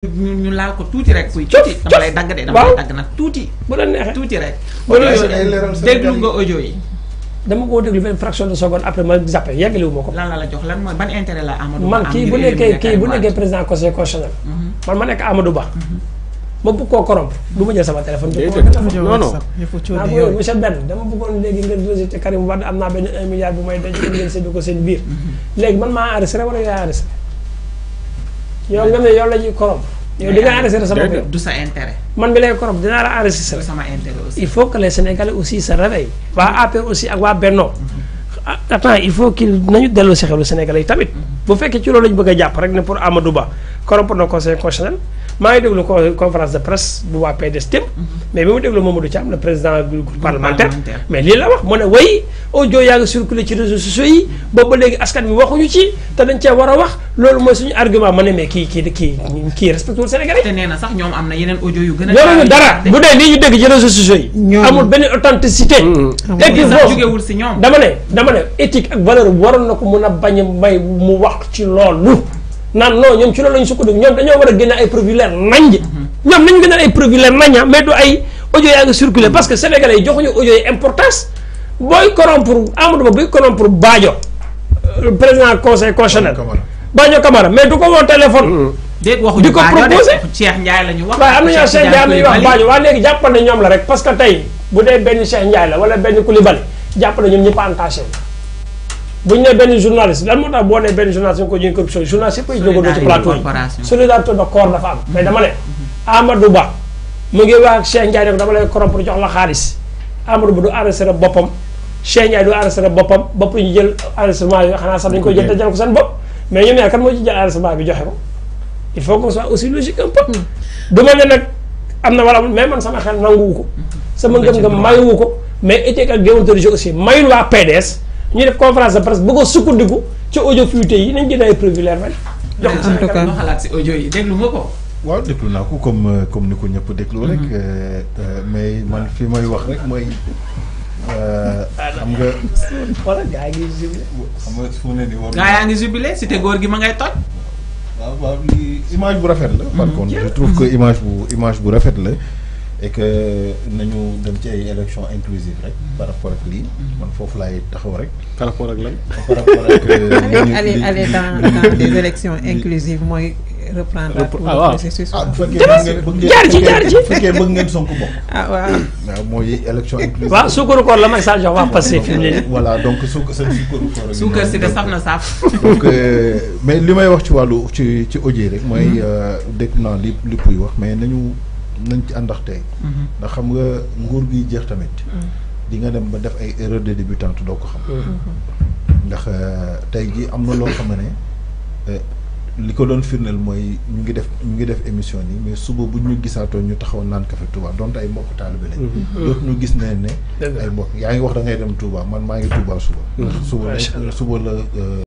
ñu ñu laal tuuti rek. kuy tuuti dama lay dagg de dama tuuti. bu la tuuti rek. déglu nga ko déglu benn fraction de seconde après ma zappé yeggali wu ma ko. lan jox la Amadou Ba. am man kii bu nekkee kii mhm. ma nekk Amadou Ba. Mhm. ma bëgg koo corrompre du ma jël sama téléphone. non non ah mooy monsieur Ben dama bëggoon léegi ngeen rejeté Karim Wade am naa benn 1 bu may denc ngeen seen biir. Mhm. léegi man maa enregistré wala yaa enregistré yow nga ne yow la ñuy korom. yow di nga enregistré sama bopp du sa intérêt. man mi lay korom dinaa la enregistré. du sama intérêt aussi. il faut que les sénégalais aussi se réveillent. waa APR aussi ak waa Benno. Mhm. attends il faut que nañu dellu si xelu sénégalais yi tamit. Mhm. bu fekkee ci loolu lañu bëgg a jàpp rek ne pour Amadou Ba corrompre na conseil constitutionnel. maa ngi déglu conférence de presse bu waa PDS dem mm-hmm. mais bi mu déglu Mamadou Thiam le président du groupe parlementaire mais lii la wax mu ne way audio yaa ngi circulé ci réseaux sociaux yi boobu léegi askan bi waxuñu ci te dañ cee war a wax loolu mooy suñu argument ma ne mais kii kii kii kii respecté wul Sénégalais. nee na sax ñoom am na yeneen ojo yu gën a. dara bu dee lii ñu dégg ci réseaux sociaux yi. amul benn authenticité. Mm-hmm. et puis foofu dama ne dama ne éthique ak valeur waroon na ko mun a a may mu wax ci loolu. naan non ñoom ci loolu lañu sukkandiku ñoom dañoo war a génne ay preuve yu leer nañ ji ñoom nañ gën a ay preuve yu leer mais du ay audio yaa ngi circulé parce que sénégalais yi ñu audio yi importance booy corrompre Amadou Ba buy corrompre Badio euh, président conseil constitutionnel Badio Camara mais du ko woo téléphone déet waxuñu di ko proposé Cheikh Ndiaye la ñu wax waaye am na ñoo la ñuy wax Badio waa léegi jàpp na ñoom la rek parce que tey bu dee benn Cheikh Ndiaye la wala benn Koulibaly jàpp na ñoom ñëpp entaché buñ ne jurnalis journaliste lan moo tax boo ne benn journaliste ko jënd corruption journaliste yëpp ay jógadoo ci plateau yi solidarité de corps dafa am mais dama ne amadou ba mu ngi wax Cheikh Ndiaye ne ko dama lay corrompre jox la xaalis amadou ba du arrêté boppam Cheikh Ndiaye du arrêté boppam ba pour ñu jël arrêtement yi xanaa sax dañ koy jël dajal ko seen bopp mais ñoom ñaar kan moo ci jël arrêtement bi joxe ko il faut qu'on soit aussi logique un peu mm. wala mais man sama xel ko mm-hmm. sama ko mais ak déontologie aussi mayul PDS ñu def conférence de presse bëgg a sukkandiku ci audio fuité yi nañ jël ay preuve leer rek. jox ko en tout xalaat si audio yi déglu nga ko. waaw déglu naa ko comme euh, comme ni ko ñëpp déglu rek mhm. euh, euh, mais man fi may wax rek mooy ah, xam nga. wala gaa ngi jubilé. xam nga fu ne nii war. gaa yaa ngi jubilé cité góor gi ma ngay toj. waaw waaw image bu rafet la. par mhm. contre je trouve que image bu image bu rafet la. et que nous devons ci élections inclusives par rapport à mm-hmm. taxaw par rapport par rapport à euh, aller dans des élections inclusives moi reprendre ah, le processus. ah bu fekkee que ah élections élection inclusive. Euh, voilà donc c'est le euh, mais le wax ci que ci ci nañ ci àndax tey mhm. ndax xam nga nguur gi jeex tamit mhm. di nga dem ba def ay erreur de débutant doo ko xam mhm. ndax euh, tey gi am na loo xam ne euh, li ko doon firndeel mooy ñu ngi def ñu ngi def émission yi mais suba bu ñu gisaatoo ñu taxaw naan café Touba donte ay mbokk taalibe lañ. dootu ñu gis ne ne. ay mbokk yaa ngi wax da ngay dem Touba man maa ngi Touba suba. suba la.